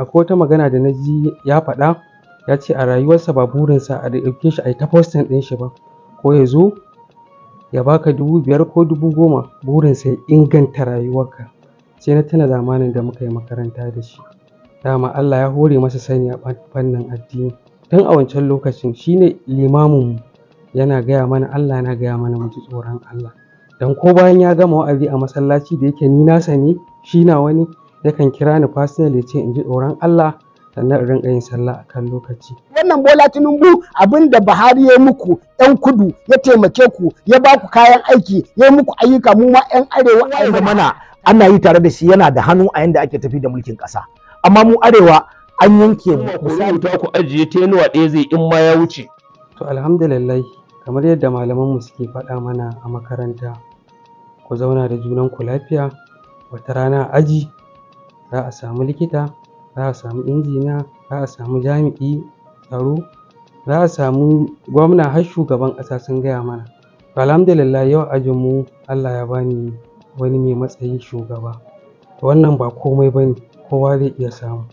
akwai wata magana da na ji ya faɗa ya ce a rayuwarsa ba burinsa a ɗauke shi a yi ta posting ɗin shi ba ko ya zo ya baka dubu biyar ko dubu goma burinsa ya inganta rayuwarka sai na tuna zamanin da muka yi makaranta da shi dama Allah ya hore masa sani a fannin addini tun a wancan lokacin shine limamin mu yana gaya mana Allah yana gaya mana mu ji tsoron Allah dan ko bayan ya gama wa'azi a masallaci da yake ni nasa ne shi na wani? yakan kira ni fasinal ya ce in ji tsoron Allah sannan in rinka yin sallah a kan lokaci. Wannan Bola Tinubu abin da Buhari ya muku ‘yan kudu ya taimake ku ya ba ku kayan aiki ya muku ayyuka mu ma ‘yan arewa a mana ana yi tare da shi yana da hannu a yanda ake tafi da mulkin ƙasa. Amma mu arewa an yanke mu. ku ta ku ajiye ta yanuwa ɗaya zai in ma ya wuce. To alhamdulillah kamar yadda malamanmu suke faɗa mana a makaranta ku zauna da junan ku lafiya wata rana aji za a samu likita za a samu injiniya za a samu jami'i tsaro za a samu gwamna har shugaban ƙasa sun gaya mana alhamdulillah yau ajinmu allah ya bani wani mai matsayi shugaba wannan ba komai ba ne kowa zai iya samu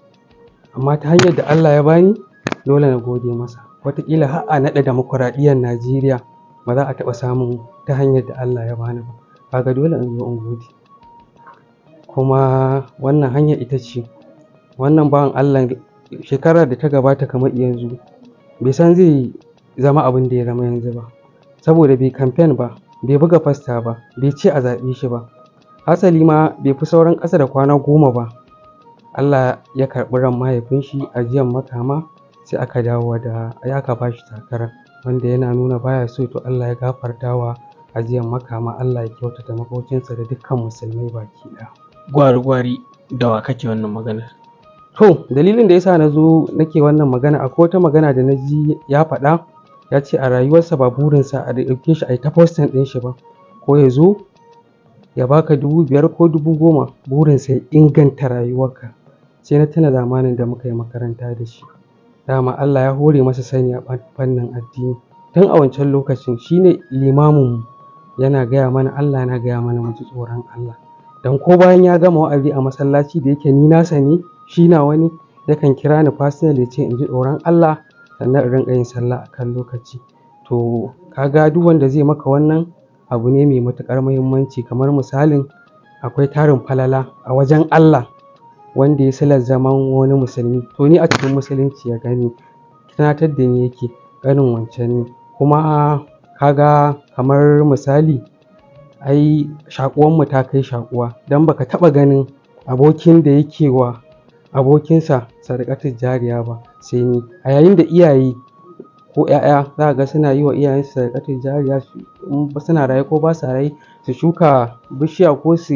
amma ta hanyar da allah ya bani dole na gode masa wataƙila har a naɗa demokuraɗiyyar najeriya ba za a taɓa samun ta hanyar da allah ya bani ba ga dole in zo in gode kuma wannan hanya ita ce wannan bawan Allah shekarar da ta gabata kamar yanzu bai san zai zama abin da ya zama yanzu ba saboda bai kamfen ba bai buga fasta ba bai ce a zaɓe shi ba hasali ma bai fi sauran ƙasa da kwana goma ba Allah ya karɓi ran mahaifin shi jiyan makama sai aka dawo da ya ka bashi takara wanda yana nuna baya so to Allah ya gafartawa jiyan makama Allah ya kyautata makocinsa da dukkan musulmai baki ɗaya gwari-gwari da wa kake wannan magana? to dalilin da yasa na zo nake wannan magana akwai wata magana da na ji ya faɗa ya ce a rayuwarsa ba burinsa a ɗauke shi a yi ta postin ɗin shi ba ko ya zo ya baka dubu biyar ko dubu goma burinsa ya inganta rayuwarka sai na tuna zamanin da muka yi makaranta da shi dama Allah ya hore masa sani a fannin addini tun a wancan lokacin shine limamin mu yana gaya mana Allah yana gaya mana mu ji tsoron Allah don ko bayan ya gama wa'azi a masallaci da yake ni nasa ne shi na wani yakan kira ni personally ya ce in ji tsoron Allah sannan in rinka yin sallah a kan lokaci to kaga duk wanda zai maka wannan abu ne mai matuƙar muhimmanci kamar misalin akwai tarin falala a wajen Allah wanda ya silar zaman wani musulmi to ni a cikin musulunci ya gani tunatar da ni yake ganin wancan ne kuma kaga kamar misali ai shakuwan mu ta kai shakuwa don baka taba ganin abokin da yake wa abokinsa sadakatar jariya ba sai ni a yayin da iyaye ko 'ya'ya za ga suna yi wa iyayensu sadakatar jariya in suna raye ko ba sa raye su shuka bishiya ko su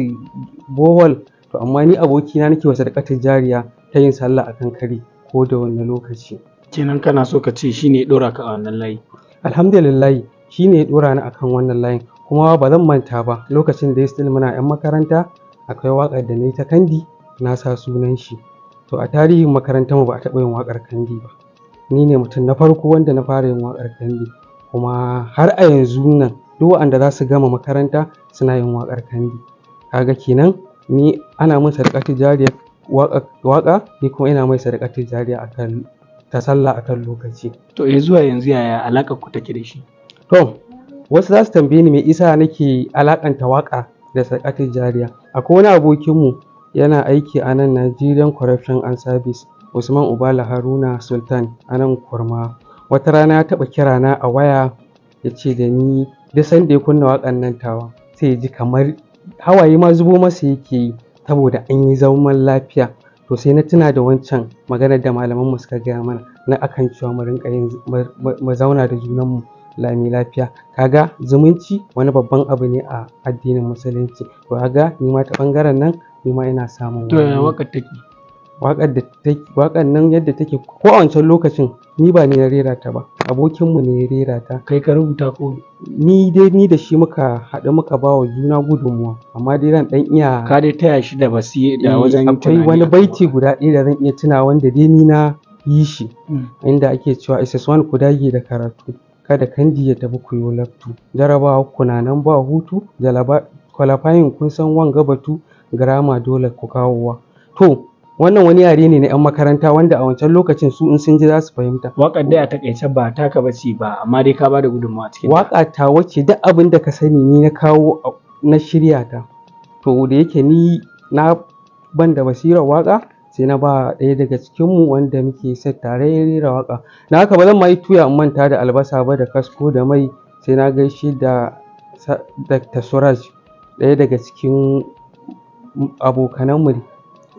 bohol to amma ni abokina nake wa sadakatar jariya ta yin sallah akan kari ko da wanne lokaci kenan kana so ka ce shine ya dora ka a wannan layi alhamdulillah shine ya dora ni akan wannan layin kuma ba zan manta ba lokacin da ya still muna 'yan makaranta akwai wakar da na yi ta kandi na sa sunan shi to a tarihin makarantar mu ba a taɓa yin waƙar kandi ba ni ne mutum na farko wanda na fara yin waƙar kandi kuma har a yanzu nan duk waɗanda za su gama makaranta suna yin waƙar kandi kaga kenan ni ana min sadakatu jariya waƙa ni kuma ina mai sadakatu jariya akan ta sallah akan lokaci to ya zuwa yanzu yaya alaƙar ku take da shi to wasu za su tambaye ni me isa nake alakanta waka da sadakatar jariya akwai wani abokinmu yana aiki a nan Nigerian Corruption and Service Usman Ubala Haruna Sultan a nan Kurma wata rana ya taɓa kira na a waya ya ce da ni duk sanda ya kunna waƙan nan tawa sai ya ji kamar hawaye ma zubo masa yake yi saboda an yi zaman lafiya to sai na tuna da wancan maganar da malaman mu suka gaya mana na akan cewa mu rinka yin mu zauna da junanmu lami lafiya kaga zumunci wani babban abu ne a addinin musulunci to kaga ni ma ta bangaren nan ni ma ina samun to ya wakar take wakar da take wakar nan yadda take ko a wancan lokacin ni ba ni na rera ta ba abokin mu ne ya rera ta kai ka rubuta ko ni dai ni da shi muka haɗu muka ba wa juna gudunmuwa amma dai ran dan iya ka dai taya shi da basi da eh, wajen akwai wani baiti guda ɗaya da zan iya tuna wanda dai ni na yi shi hmm. inda ake cewa ss wani ku dage da karatu kada Kandi ya tafi ku yi laftu. jarabawa ku na nan ba hutu, kwalafayin kun san wanga batu girama dole ku kawowa. To, wannan wani yare ne na 'yan makaranta wanda a wancan lokacin su in sun ji za su fahimta. Waƙar dai a takaice ba taka ba ce ba amma dai ka bada gudunmawa cikin. Waƙa ta wace duk abin da ka sani ni na kawo na shirya ta. To da yake ni na banda da basirar waƙa sai na ba ɗaya daga cikin mu wanda muke set tare ya rera waƙa na haka ba zan ma yi tuya in manta da albasa ba da kasko da mai sai na gaishe da Dr. Suraj ɗaya daga cikin abokananmu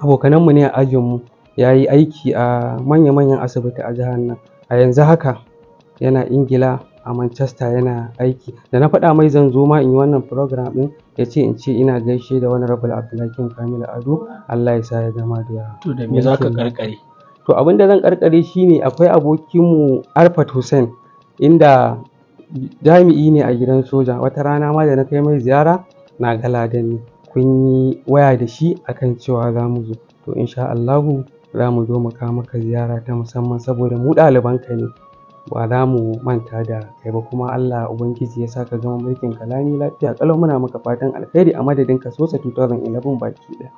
abokananmu ne a ajinmu ya yi aiki a manya-manyan asibiti a jihar nan a yanzu haka yana ingila a Manchester yana aiki da na faɗa mai zan zo ma in yi wannan program ɗin ya ce in ce ina gaishe da wani rabul abdulhakim kamilu ado allah ya sa ya gama da to to abin da zan karkare shine akwai abokinmu arfat hussein inda jami'i ne a gidan soja wata rana ma da na kai mai ziyara na gala da ni kun yi waya da shi akan cewa za mu zo to insha allahu za mu zo mu kawo maka ziyara ta musamman saboda mu ɗalibanka ne ba za mu manta da kai ba kuma Allah Ubangiji ya sa ka gama mulkin ka lami lafiya ƙalau muna maka fatan alkhairi a madadin ka sosa 2011 baki ɗaya.